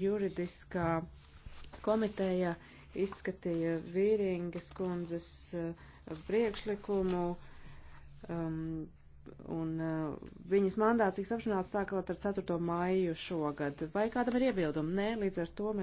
juridiskā komiteja izskatīja vīringas kundzes eh, priekšlikumu, um, un uh, viņas mandāts tiks apšanāts sākot ar 4. maiju šogad. Vai kādam ir iebildumi? Nē, līdz ar to mēs.